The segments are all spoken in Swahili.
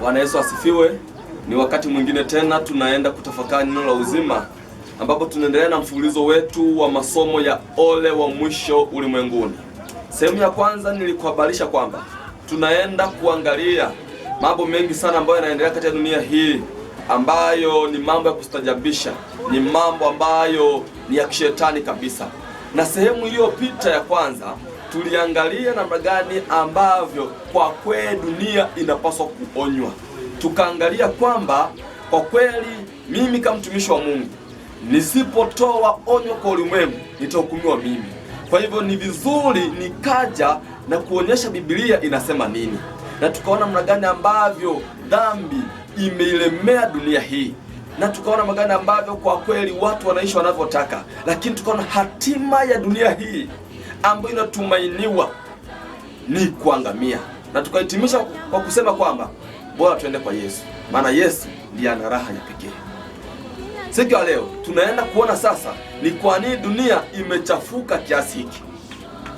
Bwana Yesu asifiwe. Ni wakati mwingine tena tunaenda kutafakari neno la uzima, ambapo tunaendelea na mfululizo wetu wa masomo ya ole wa mwisho ulimwenguni. Sehemu ya kwanza nilikuhabarisha kwamba tunaenda kuangalia mambo mengi sana ambayo yanaendelea katika dunia hii ambayo ni mambo ya kustajabisha, ni mambo ambayo ni ya kishetani kabisa. Na sehemu iliyopita ya kwanza tuliangalia namna gani ambavyo kwa kweli dunia inapaswa kuonywa, tukaangalia kwamba kwa kweli mimi kama mtumishi wa Mungu nisipotoa onyo kwa ulimwengu nitahukumiwa mimi. Kwa hivyo ni vizuri nikaja na kuonyesha Biblia inasema nini, na tukaona namna gani ambavyo dhambi imeilemea dunia hii, na tukaona magana ambavyo kwa kweli watu wanaishi wanavyotaka, lakini tukaona hatima ya dunia hii ambayo inatumainiwa ni kuangamia, na tukahitimisha kwa kusema kwamba bora tuende kwa Yesu, maana Yesu ndiye ana raha ya pekee. Siku ya leo tunaenda kuona sasa ni kwa nini dunia imechafuka kiasi hiki.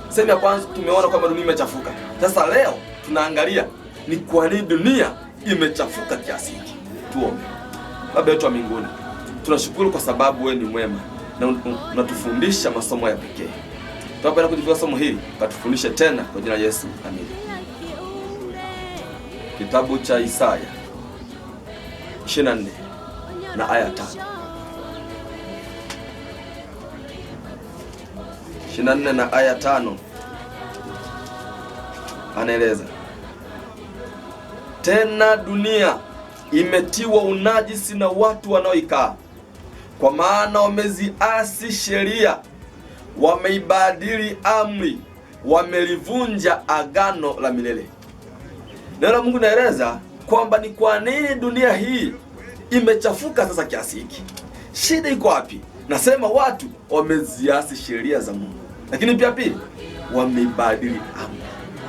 Sehemu ya kwanza tumeona kwamba dunia imechafuka. Sasa leo tunaangalia ni kwa nini dunia imechafuka kiasi hiki. Tuombe. Baba yetu wa mbinguni, tunashukuru kwa sababu wewe ni mwema na unatufundisha masomo ya pekee. Tunapenda kujifunza somo hili, katufundishe tena kwa jina la Yesu. Amen. Kitabu cha Isaya 24 na aya 5. 24 na aya 5 anaeleza tena dunia imetiwa unajisi na watu wanaoikaa, kwa maana wameziasi sheria, wameibadili amri, wamelivunja agano la milele. Neno la Mungu naeleza kwamba ni kwa nini dunia hii imechafuka sasa kiasi hiki. Shida iko wapi? Nasema watu wameziasi sheria za Mungu, lakini pia pili, wameibadili amri.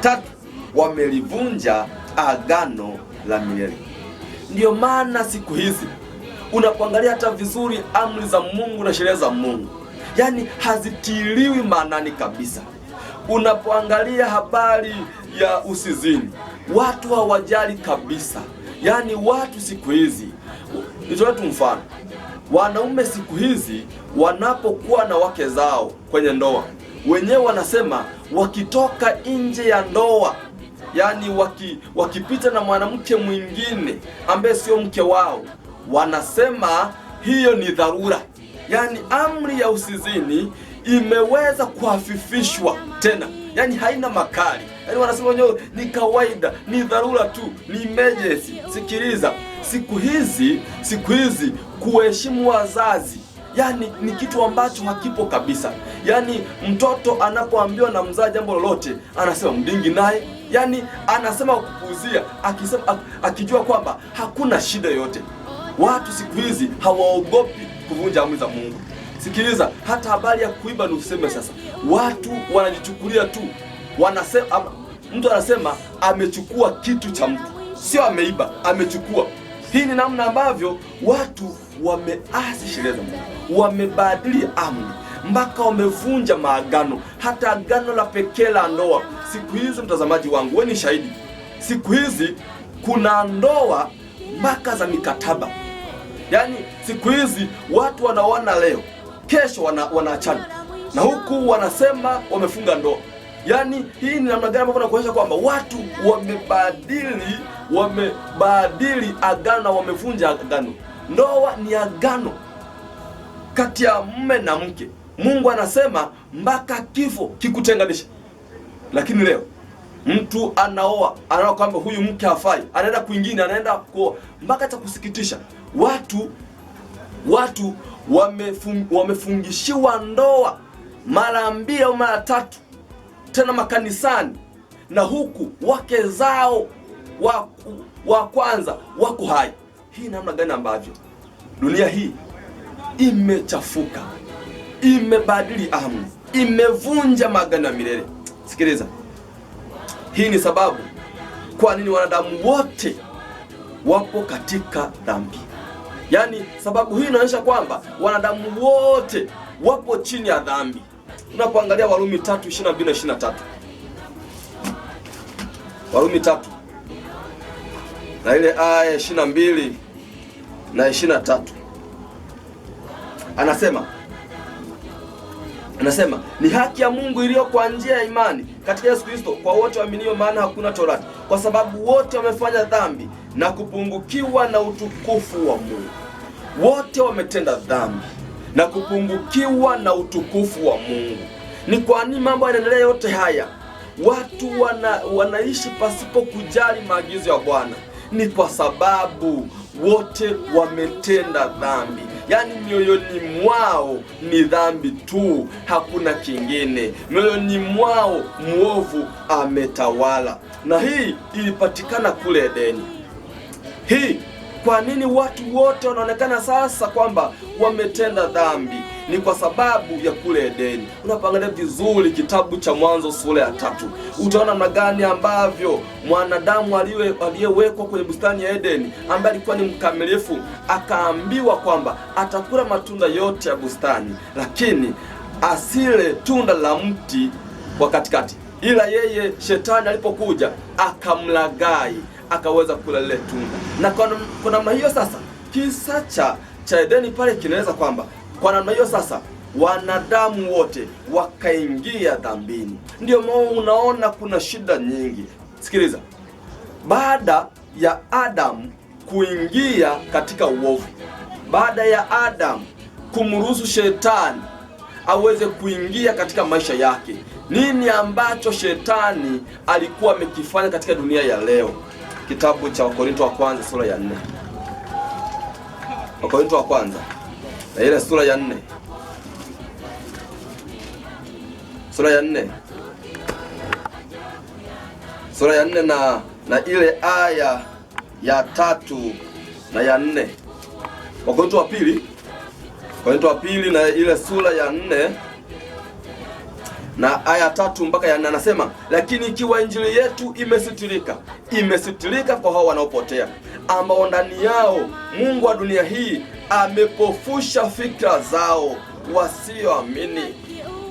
Tatu, wamelivunja agano la milele. Ndiyo maana siku hizi unapoangalia hata vizuri amri za Mungu na sheria za Mungu, yaani hazitiliwi maanani kabisa. Unapoangalia habari ya usizini, watu hawajali kabisa. Yaani watu siku hizi, nitoe tu mfano, wanaume siku hizi wanapokuwa na wake zao kwenye ndoa, wenyewe wanasema wakitoka nje ya ndoa yaani waki, wakipita na mwanamke mwingine ambaye sio mke wao, wanasema hiyo ni dharura. Yaani amri ya usizini imeweza kuhafifishwa tena, yaani haina makali. Yaani wanasema wenyewe ni kawaida, ni dharura tu, ni emergency. Sikiliza, siku hizi siku hizi kuheshimu wazazi yani ni kitu ambacho hakipo kabisa. Yani mtoto anapoambiwa na mzazi jambo lolote, anasema mdingi naye, yani anasema kupuuzia, akisema akijua kwamba hakuna shida yoyote. Watu siku hizi hawaogopi kuvunja amri za Mungu. Sikiliza, hata habari ya kuiba ni useme sasa, watu wanajichukulia tu, wanasema mtu anasema amechukua kitu cha mtu, sio ameiba, amechukua. Hii ni namna ambavyo watu wameasi sheria za Mungu, wamebadili amri mpaka wamevunja maagano, hata agano la pekee la ndoa. Siku hizi, mtazamaji wangu, we ni shahidi, siku hizi kuna ndoa mpaka za mikataba. Yaani siku hizi watu wanaoana leo, kesho wanaachana, na huku wanasema wamefunga ndoa. Yaani hii ni namna gani ambavyo nakuonyesha kwamba watu wamebadili, wamebadili agano na wamevunja agano. Ndoa ni agano kati ya mume na mke. Mungu anasema mpaka kifo kikutenganisha. Lakini leo mtu anaoa, anaona kwamba huyu mke hafai, anaenda kwingine, anaenda kuoa. Mpaka cha kusikitisha, watu watu wamefung, wamefungishiwa ndoa mara mbili au mara tatu, tena makanisani, na huku wake zao wa, wa kwanza wako hai hii namna gani ambavyo dunia hii imechafuka, imebadili amu imevunja magano ya milele. Sikiliza, hii ni sababu kwa nini wanadamu wote wapo katika dhambi. Yaani sababu hii inaonyesha kwamba wanadamu wote wapo chini ya dhambi. Unapoangalia Warumi 3:22 23. Warumi 3 na ile aya 22 na ishirini na tatu anasema anasema ni haki ya Mungu iliyo kwa njia ya imani katika Yesu Kristo kwa wote waaminio, maana hakuna torati, kwa sababu wote wamefanya dhambi na kupungukiwa na utukufu wa Mungu. Wote wametenda dhambi na kupungukiwa na utukufu wa Mungu. Ni kwa nini mambo yanaendelea yote haya? Watu wana, wanaishi pasipo kujali maagizo ya Bwana. Ni kwa sababu wote wametenda dhambi, yaani mioyoni mwao ni dhambi tu, hakuna kingine. Mioyoni mwao mwovu ametawala, na hii ilipatikana kule Edeni. Hii kwa nini watu wote wanaonekana sasa kwamba wametenda dhambi? ni kwa sababu ya kule Edeni. Unapoangalia vizuri kitabu cha Mwanzo sura ya tatu utaona namna gani ambavyo mwanadamu aliyewekwa kwenye bustani ya Edeni ambaye alikuwa ni mkamilifu, akaambiwa kwamba atakula matunda yote ya bustani, lakini asile tunda la mti wa katikati. Ila yeye shetani alipokuja akamlagai akaweza kula lile tunda, na kwa namna hiyo sasa kisa cha cha Edeni pale kinaeleza kwamba kwa namna hiyo sasa wanadamu wote wakaingia dhambini. Ndio maana unaona kuna shida nyingi. Sikiliza, baada ya Adamu kuingia katika uovu, baada ya Adamu kumruhusu shetani aweze kuingia katika maisha yake, nini ambacho shetani alikuwa amekifanya katika dunia ya leo? Kitabu cha Wakorinto wa kwanza sura ya 4, Wakorinto wa kwanza na ile sura ya nne sura ya nne sura ya nne na na ile aya ya tatu na ya nne Wakorintho wa pili Wakorintho wa pili na ile sura ya nne na aya tatu mpaka ya nne anasema, lakini ikiwa injili yetu imesitirika, imesitirika kwa hao wanaopotea, ambao ndani yao Mungu wa dunia hii amepofusha fikra zao wasioamini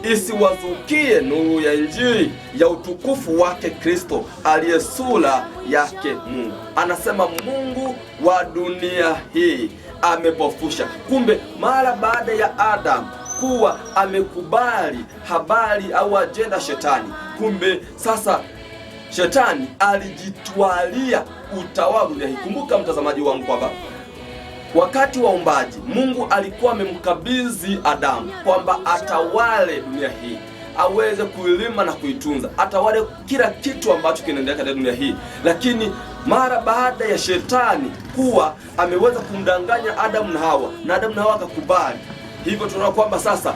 isiwazukie nuru ya Injili ya utukufu wake Kristo aliye sura yake Mungu. Anasema Mungu wa dunia hii amepofusha. Kumbe mara baada ya Adamu kuwa amekubali habari au ajenda shetani, kumbe sasa shetani alijitwalia utawala dunia Kumbuka mtazamaji wangu kwamba Wakati wa umbaji Mungu alikuwa amemkabidhi Adamu kwamba atawale dunia hii, aweze kuilima na kuitunza, atawale kila kitu ambacho kinaendelea katika dunia hii. Lakini mara baada ya shetani kuwa ameweza kumdanganya Adamu na Hawa na Adamu na Hawa akakubali, hivyo tunaona kwamba sasa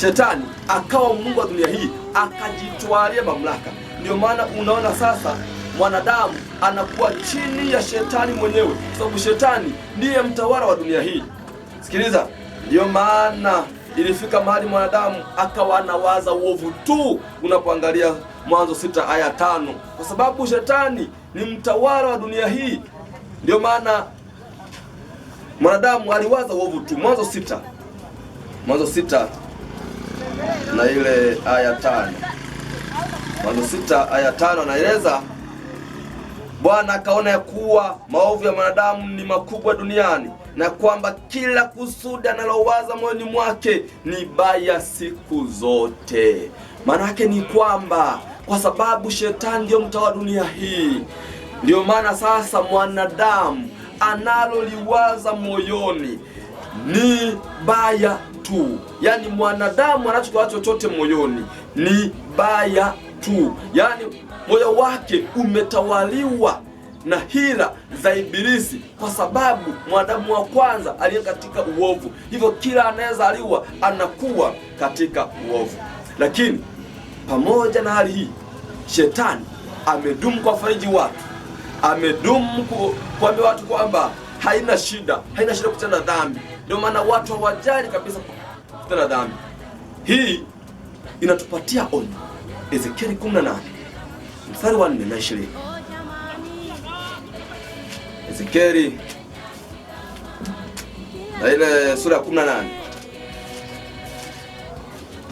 shetani akawa mungu wa dunia hii, akajitwalia mamlaka. Ndio maana unaona sasa mwanadamu anakuwa chini ya shetani mwenyewe, kwa sababu shetani ndiye mtawala wa dunia hii. Sikiliza, ndiyo maana ilifika mahali mwanadamu akawa anawaza uovu tu, unapoangalia Mwanzo sita aya tano, kwa sababu shetani ni mtawala wa dunia hii. Ndiyo maana mwanadamu aliwaza uovu tu. Mwanzo sita Mwanzo sita na ile aya tano Mwanzo sita aya tano anaeleza Bwana akaona ya kuwa maovu ya mwanadamu ni makubwa duniani na kwamba kila kusudi analowaza moyoni mwake ni baya siku zote. Maana yake ni kwamba kwa sababu shetani ndiyo mtawala dunia hii, ndiyo maana sasa mwanadamu analoliwaza moyoni ni baya tu. Yaani mwanadamu anachokiwaza chochote moyoni ni baya tu, yaani moyo wake umetawaliwa na hila za Ibilisi, kwa sababu mwanadamu wa kwanza aliye katika uovu. Hivyo kila anayezaliwa anakuwa katika uovu. Lakini pamoja na hali hii, shetani amedumu kwa fariji watu, amedumu kuambia watu kwamba haina shida, haina shida na dhambi. Ndio maana watu hawajali kabisa kutana dhambi. Hii inatupatia onyo Ezekieli 18 Farwan wa nne na ishirini. Ezekieli na ile sura ya 18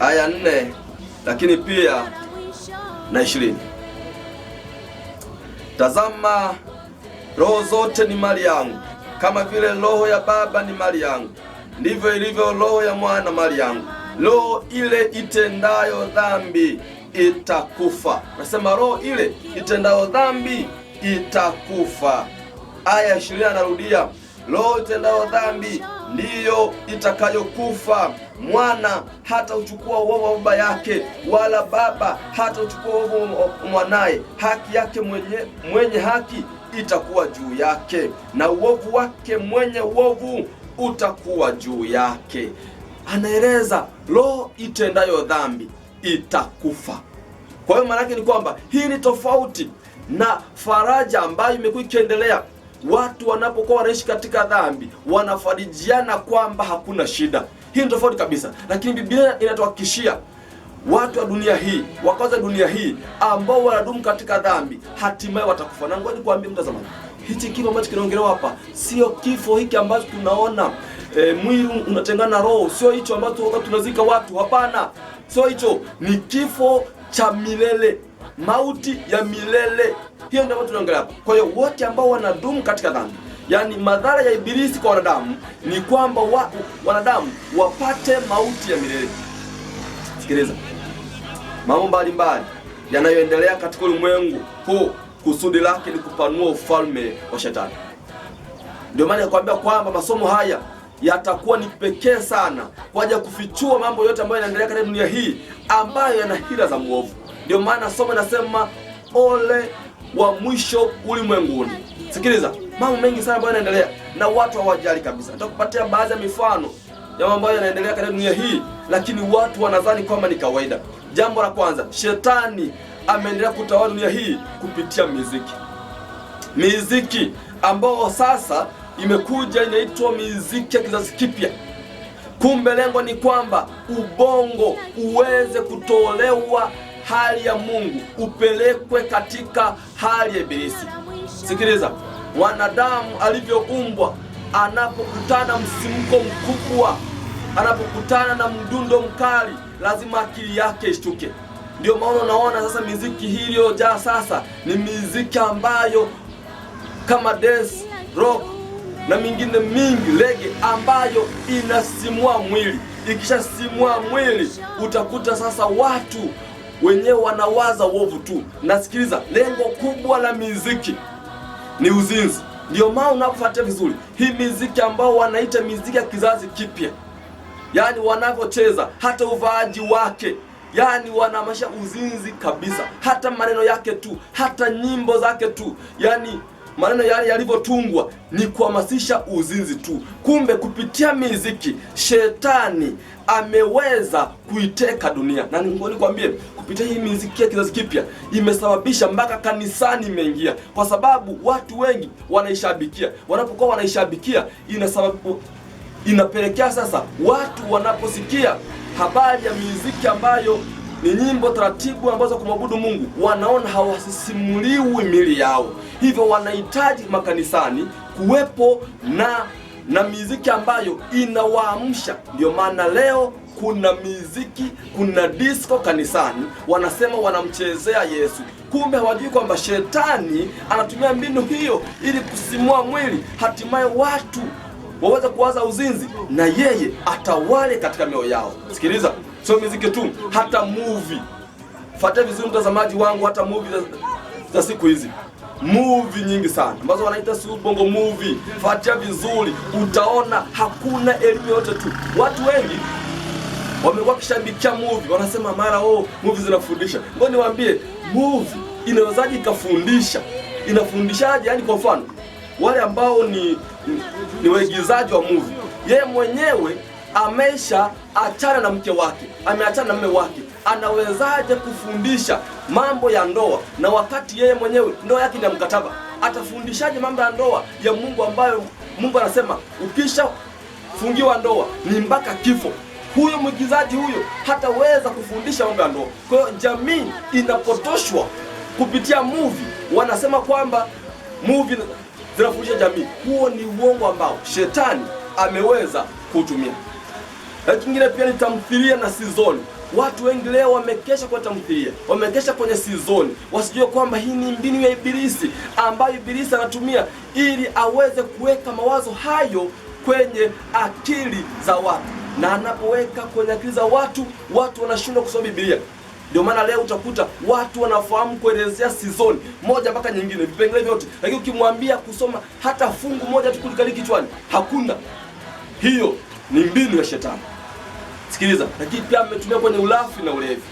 aya 4 lakini pia na ishirini. Tazama, roho zote ni mali yangu, kama vile roho ya baba ni mali yangu, ndivyo ilivyo roho ya mwana mali yangu. Roho ile itendayo dhambi itakufa. Nasema roho ile itendao dhambi itakufa. Aya ishirini anarudia, roho itendao dhambi ndiyo itakayokufa. Mwana hata uchukua uovu wa baba yake, wala baba hata uchukua uovu wa mwanaye. Haki yake mwenye, mwenye haki itakuwa juu yake, na uovu wake mwenye uovu utakuwa juu yake. Anaeleza roho itendayo dhambi itakufa. Kwa hiyo maanake ni kwamba hii ni tofauti na faraja ambayo imekuwa ikiendelea. Watu wanapokuwa wanaishi katika dhambi wanafarijiana kwamba hakuna shida. Hii ni tofauti kabisa, lakini Biblia inatuhakikishia watu wa dunia hii, wakazi wa dunia hii ambao wanadumu katika dhambi hatimaye watakufa. Na ngoja nikuambie mtazamaji, hichi kifo ambacho kinaongelewa hapa sio kifo hiki ambacho tunaona e, mwili unatengana roho. Sio hicho ambacho wakati tunazika watu, hapana, sio hicho. Ni kifo cha milele, mauti ya milele. Hiyo ndio tunaongelea hapa. Kwa hiyo wote ambao wanadumu katika dhambi, yaani madhara ya Ibilisi kwa wanadamu ni kwamba wa, wanadamu wapate mauti ya milele. Sikiliza mambo mbalimbali yanayoendelea katika ulimwengu huu, kusudi lake ni kupanua ufalme wa Shetani. Ndio maana nakwambia kwamba masomo haya yatakuwa ni pekee sana kwa ajili ya kufichua mambo yote ambayo yanaendelea katika dunia hii ambayo yana hila za mwovu. Ndio maana somo nasema ole wa mwisho ulimwenguni. Sikiliza, mambo mengi sana ambayo yanaendelea na watu hawajali kabisa. Nitakupatia baadhi ya mifano ya mambo ambayo yanaendelea katika dunia hii, lakini watu wanadhani kwamba ni kawaida. Jambo la kwanza, shetani ameendelea kutawala dunia hii kupitia miziki, miziki ambao sasa imekuja inaitwa miziki ya kizazi kipya. Kumbe lengo ni kwamba ubongo uweze kutolewa hali ya Mungu upelekwe katika hali ya Ibilisi. Sikiliza, wanadamu alivyoumbwa, anapokutana msimko mkubwa, anapokutana na mdundo mkali, lazima akili yake ishtuke. Ndio maana unaona sasa miziki hii iliyojaa sasa ni miziki ambayo kama dance rock na mingine mingi, lege ambayo inasimua mwili. Ikishasimua mwili, utakuta sasa watu wenyewe wanawaza uovu tu. Nasikiliza, lengo kubwa la miziki ni uzinzi. Ndio maana unapofuatia vizuri hii miziki ambao wanaita miziki ya kizazi kipya, yaani wanavyocheza hata uvaaji wake yaani wanamasha uzinzi kabisa, hata maneno yake tu, hata nyimbo zake tu, yaani maneno yale yalivyotungwa ni kuhamasisha uzinzi tu. Kumbe kupitia miziki shetani ameweza kuiteka dunia, na nikwambie, kupitia hii miziki ya kizazi kipya imesababisha mpaka kanisani imeingia, kwa sababu watu wengi wanaishabikia. Wanapokuwa wanaishabikia, inasababu inapelekea sasa watu wanaposikia habari ya miziki ambayo ni nyimbo taratibu ambazo kumwabudu Mungu wanaona hawasisimuliwi mili yao, hivyo wanahitaji makanisani kuwepo na na miziki ambayo inawaamsha. Ndio maana leo kuna miziki, kuna disco kanisani, wanasema wanamchezea Yesu, kumbe hawajui kwamba shetani anatumia mbinu hiyo ili kusimua mwili, hatimaye watu waweze kuwaza uzinzi na yeye atawale katika mioyo yao. Sikiliza sio muziki tu, hata movie. Fuatia vizuri mtazamaji wangu, hata movie za siku hizi movie nyingi sana ambazo wanaita si bongo movie. Fuatia vizuri, utaona hakuna elimu yote tu. Watu wengi wamekuwa kishabikia movie, wanasema mara oh, movie zinafundisha. Ngoja niwaambie, movie inawezaje ikafundisha? Inafundishaje? Yani kwa mfano wale ambao ni, ni waigizaji wa movie, yeye mwenyewe amesha achana na mke wake, ameachana na mume wake, anawezaje kufundisha mambo ya ndoa na wakati yeye mwenyewe ndoa yake ni ya mkataba? Atafundishaje mambo ya ndoa ya Mungu ambayo Mungu anasema ukishafungiwa ndoa ni mpaka kifo? Huyo mwigizaji huyo hataweza kufundisha mambo ya ndoa. Kwa hiyo jamii inapotoshwa kupitia movie, wanasema kwamba movie zinafundisha jamii. Huo ni uongo ambao shetani ameweza kuutumia na kingine pia ni tamthilia na sizoni. Watu wengi leo wamekesha kwa tamthilia, wamekesha kwenye sizoni, wasijue kwamba hii ni mbinu ya Ibilisi ambayo Ibilisi anatumia ili aweze kuweka mawazo hayo kwenye akili za watu, na anapoweka kwenye akili za watu, watu wanashindwa kusoma Biblia. Ndio maana leo utakuta watu wanafahamu kuelezea sizoni moja mpaka nyingine, vipengele vyote, lakini ukimwambia kusoma hata fungu moja tu kulikali kichwani, hakuna hiyo ni mbinu ya shetani. Sikiliza, lakini pia ametumia kwenye ulafi na ulevi.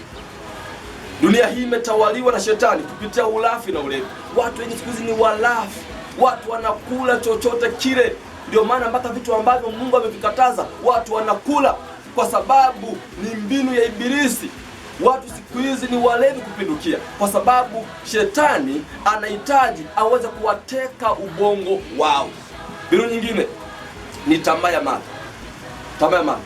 Dunia hii imetawaliwa na shetani kupitia ulafi na ulevi. Watu wengi siku hizi ni walafi, watu wanakula chochote kile. Ndio maana mpaka vitu ambavyo Mungu amevikataza watu wanakula, kwa sababu ni mbinu ya Ibilisi. Watu siku hizi ni walevi kupindukia, kwa sababu shetani anahitaji aweze kuwateka ubongo wao. Mbinu nyingine ni tamaa ya mali. Tamam,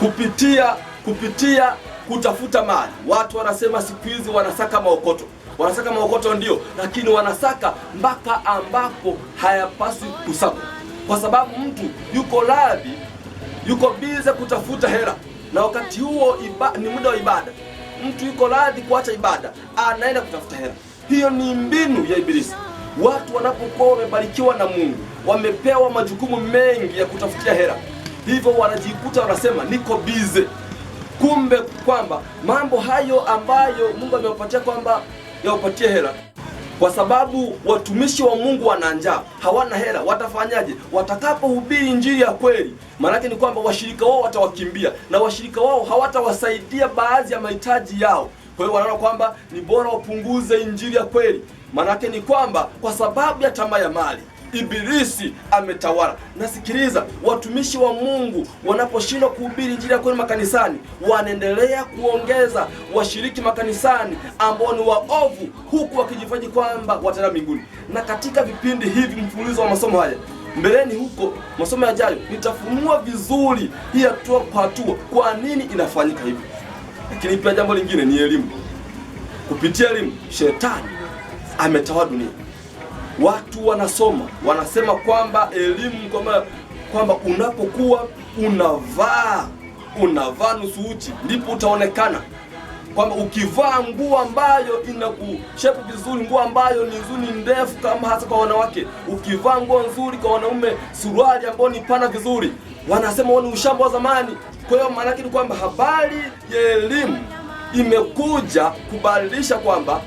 kupitia kupitia kutafuta mali. Watu wanasema siku hizi wanasaka maokoto, wanasaka maokoto ndio, lakini wanasaka mpaka ambapo hayapaswi kusakwa, kwa sababu mtu yuko labi, yuko bize kutafuta hela, na wakati huo iba, ni muda wa ibada. Mtu yuko radhi kuacha ibada, anaenda kutafuta hela. Hiyo ni mbinu ya Ibilisi. Watu wanapokuwa wamebarikiwa na Mungu, wamepewa majukumu mengi ya kutafutia hela hivyo wanajikuta wanasema niko bize, kumbe kwamba mambo hayo ambayo Mungu amewapatia kwamba yawapatie hela kwa sababu watumishi wa Mungu wana njaa, hawana hela. Watafanyaje? Watakapohubiri injili ya kweli, maanake ni kwamba washirika wao watawakimbia na washirika wao hawatawasaidia baadhi ya mahitaji yao. Kwa hiyo wanaona kwamba ni bora wapunguze injili ya kweli, maanake ni kwamba kwa sababu ya tamaa ya mali. Ibilisi ametawala. Nasikiliza, watumishi wa Mungu wanaposhindwa kuhubiri injili ya kweli makanisani, wanaendelea kuongeza washiriki makanisani ambao ni waovu, huku wakijifanya kwamba wataenda mbinguni. Na katika vipindi hivi mfululizo wa masomo haya mbeleni huko masomo yajayo nitafunua vizuri hii hatua kwa hatua, kwa nini inafanyika hivi. Lakini pia jambo lingine ni elimu. Kupitia elimu, shetani ametawala dunia watu wanasoma, wanasema kwamba elimu kwamba kwamba unapokuwa unavaa unavaa nusu uchi ndipo utaonekana kwamba ukivaa nguo ambayo inakushepu vizuri, nguo ambayo ni nzuri ndefu, kama hasa kwa wanawake, ukivaa nguo nzuri, kwa wanaume suruali ambayo ni pana vizuri, wanasema ni ushamba wa zamani. Kwa hiyo maanake ni kwamba habari ya elimu imekuja kubadilisha kwamba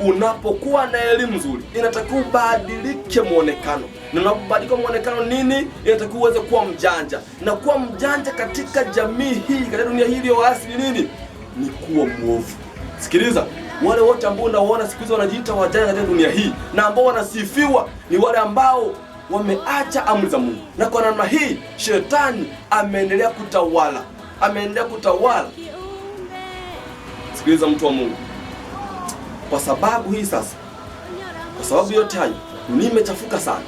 Unapokuwa na elimu nzuri, inatakiwa ubadilike mwonekano, na unapobadilika mwonekano nini, inatakiwa uweze kuwa mjanja, na kuwa mjanja katika jamii hii, katika dunia hii iliyoasi ni nini? Ni kuwa mwovu. Sikiliza, wale wote ambao unaona siku hizi wanajiita wajanja katika dunia hii na ambao wanasifiwa ni wale ambao wameacha amri za Mungu, na kwa namna hii shetani ameendelea kutawala, ameendelea kutawala. Sikiliza mtu wa Mungu. Kwa sababu hii sasa, kwa sababu yote hayo dunia imechafuka sana,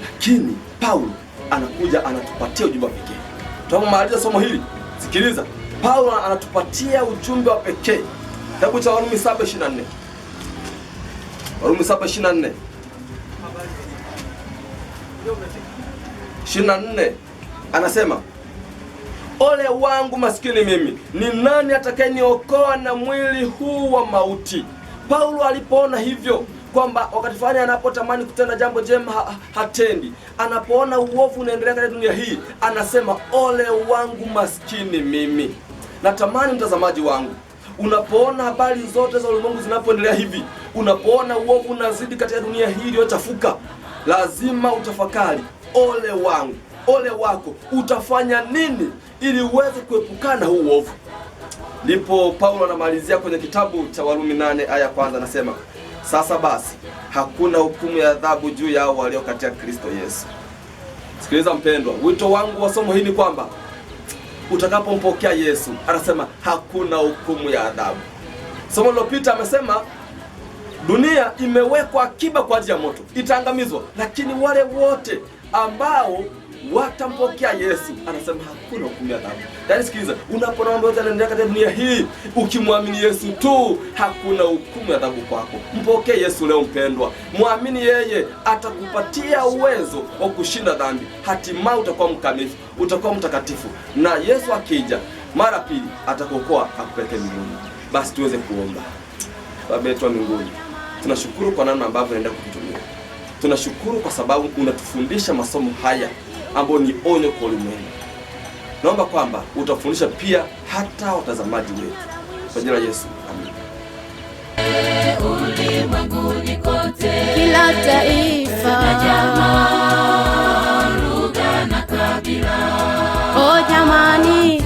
lakini Paulo anakuja anatupatia ujumbe wa pekee. Tunapomaliza somo hili, sikiliza, Paulo anatupatia ujumbe wa pekee. Kitabu cha Warumi 7:24, Warumi 7:24 24 anasema Ole wangu maskini mimi, ni nani atakayeniokoa na mwili huu wa mauti? Paulo alipoona hivyo kwamba wakati fulani anapotamani kutenda jambo jema ha hatendi, anapoona uovu unaendelea katika dunia hii anasema ole wangu maskini mimi. Natamani mtazamaji wangu, unapoona habari zote za ulimwengu zinapoendelea hivi, unapoona uovu unazidi katika dunia hii iliyochafuka, lazima utafakari, ole wangu ole wako, utafanya nini ili uweze kuepukana huu uovu? Ndipo Paulo anamalizia kwenye kitabu cha Warumi nane aya kwanza, anasema sasa basi hakuna hukumu ya adhabu juu yao walio katika Kristo Yesu. Sikiliza mpendwa, wito wangu wa somo hili ni kwamba utakapompokea Yesu, anasema hakuna hukumu ya adhabu. Somo lilopita amesema dunia imewekwa akiba kwa ajili ya moto, itaangamizwa, lakini wale wote ambao watampokea Yesu. Anasema hakuna hukumu ya dhambi. Yaani sikiliza, unaponaomba yote yanaendelea katika dunia hii, ukimwamini Yesu tu, hakuna hukumu ya dhambi kwako. Mpokee Yesu leo mpendwa, mwamini yeye, atakupatia uwezo wa kushinda dhambi. Hatimaye utakuwa mkamilifu, utakuwa mtakatifu, na Yesu akija mara pili atakuokoa, akupeleke mbinguni. Basi tuweze kuomba. Baba yetu wa mbinguni, tunashukuru kwa namna ambavyo unaenda kututumia Tunashukuru kwa sababu unatufundisha masomo haya ambayo ni onyo kwa ulimwengu. Naomba kwamba utafundisha pia hata watazamaji wetu kwa jina la Yesu, amen. kila taifa jamaa, lugha na kabila, oh, jamani